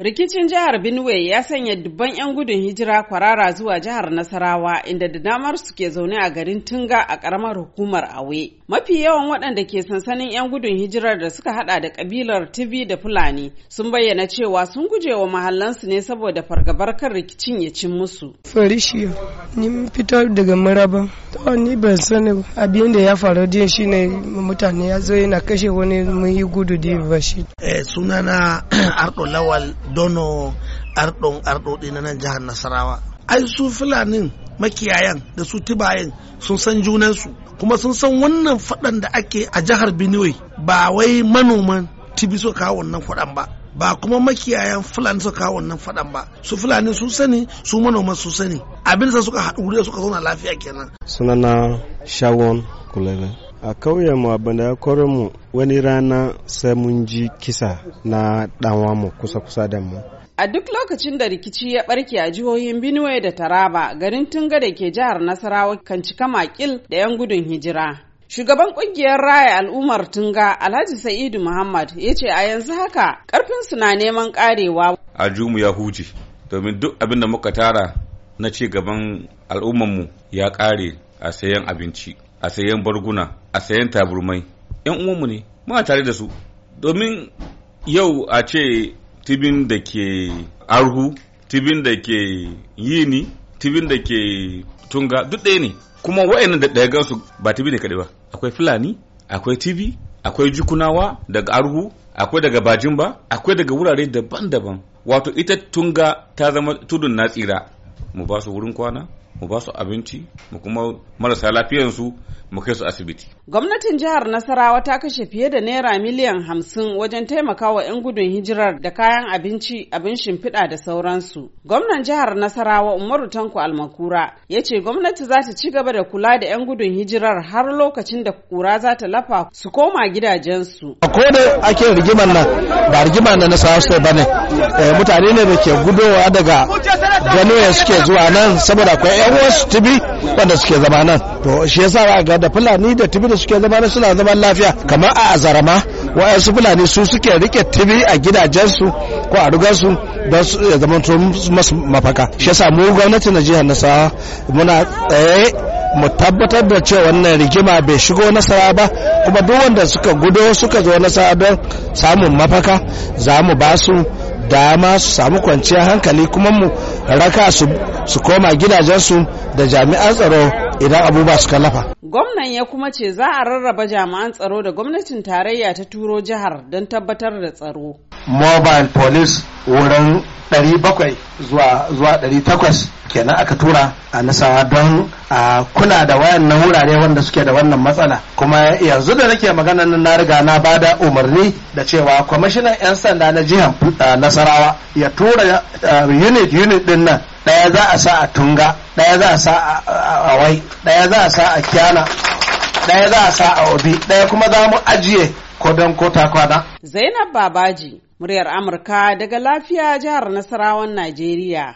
Rikicin jihar Benue ya sanya dubban 'yan gudun hijira kwarara zuwa jihar Nasarawa inda da damar su ke zaune a garin Tunga a karamar hukumar Awe. Mafi yawan waɗanda ke sansanin 'yan gudun hijirar da suka hada da kabilar Tibi da Fulani sun bayyana cewa sun guje wa mahallansu ne saboda fargabar kan rikicin ya cin musu. Farishiyo, ni fita daga Maraba. To ni ban sani Abin da ya faru shi ne mutane ya zo yana kashe wani mun gudu da ba shi. Eh, sunana Ardo Lawal dono arɗon arɗoɗi na nan jihar nasarawa ai su fulanin makiyayan da su tibayen sun san junansu kuma sun san wannan faɗan da ake a jihar benue ba wai manoman tibi so kawo wannan faɗan ba ba kuma makiyayan fulani suka kawo wannan faɗan ba su fulani sun sani su manoman sun sani abin da suka haɗu suka zauna lafiya kenan sunana shawon kulele a kauyen mu abin da ya kore mu wani rana sai mun ji kisa na danwa mu kusa-kusa da mu a duk lokacin da rikici ya barke a jihohin benue da taraba garin tunga da ke jihar nasarawa kan cika makil da 'yan gudun hijira Shugaban kungiyar raya al'ummar Tunga Alhaji Sa'idu Muhammad ya ce a yanzu haka karfin na neman karewa. A jumu ya huce domin duk abin da muka tara na ci gaban al'ummarmu ya kare a sayan abinci. a sayan barguna a sayan taburmai yan mu ne muna tare da su domin yau a ce tibin da ke arhu tibin da ke yini tibin da ke tunga duk ɗaya ne kuma wa'annan da ɗaya gansu ba tibi ne kaɗai ba akwai fulani akwai tibi akwai jikunawa daga arhu akwai daga bajin ba akwai daga wurare daban-daban wato ita tunga ta zama tudun na tsira mu ba su wurin kwana mu ba su abinci mu kuma marasa lafiyansu mu kai su asibiti. Gwamnatin jihar Nasarawa ta kashe fiye da naira miliyan hamsin wajen taimakawa 'yan gudun hijirar da kayan abinci abin shimfiɗa da sauransu. Gwamnan jihar Nasarawa Umaru Tanko Almakura ya ce gwamnati za ta ci gaba da kula da 'yan gudun hijirar har lokacin da kura za ta lafa su koma gidajensu. Ko da ake rigimar nan ba rigimar nan Nasarawa su ba ne eh, mutane ne da ke gudowa daga ya suke zuwa nan saboda akwai yan su tibi wanda suke zama nan to shi yasa za ga da fulani da tibi da suke zama nan suna zaman lafiya kamar a azarama wa'yansu fulani su suke rike tibi a gidajensu ko a rugarsu don su ya zama masu mafaka shi yasa mu gwamnati na jihar nasarawa muna tsaye mu tabbatar da cewa wannan rigima bai shigo nasara ba kuma duk wanda suka gudo suka zo nasara don samun mafaka za mu ba su dama su samu kwanciyar hankali kuma mu raka su koma gidajensu da jami'an tsaro idan abubuwa su lafa. Gwamnan ya kuma ce za a rarraba jami'an tsaro da gwamnatin tarayya ta turo jihar don tabbatar da tsaro. Mobile police wurin 700 zuwa zuwa 800 kenan aka tura a nasawa don a kuna da wayannan wurare wanda suke da wannan matsala kuma yanzu da nake magana nan na riga na bada umarni da cewa kwamishinan 'yan sanda na jihar nasarawa ya tura unit unit din nan daya za a sa a tunga daya za a sa a wai daya za a sa a kyana daya za a sa a obi daya kuma za mu ajiye kodon kota kwana. zainab babaji Muryar Amurka daga lafiya jihar Nasarawan Najeriya.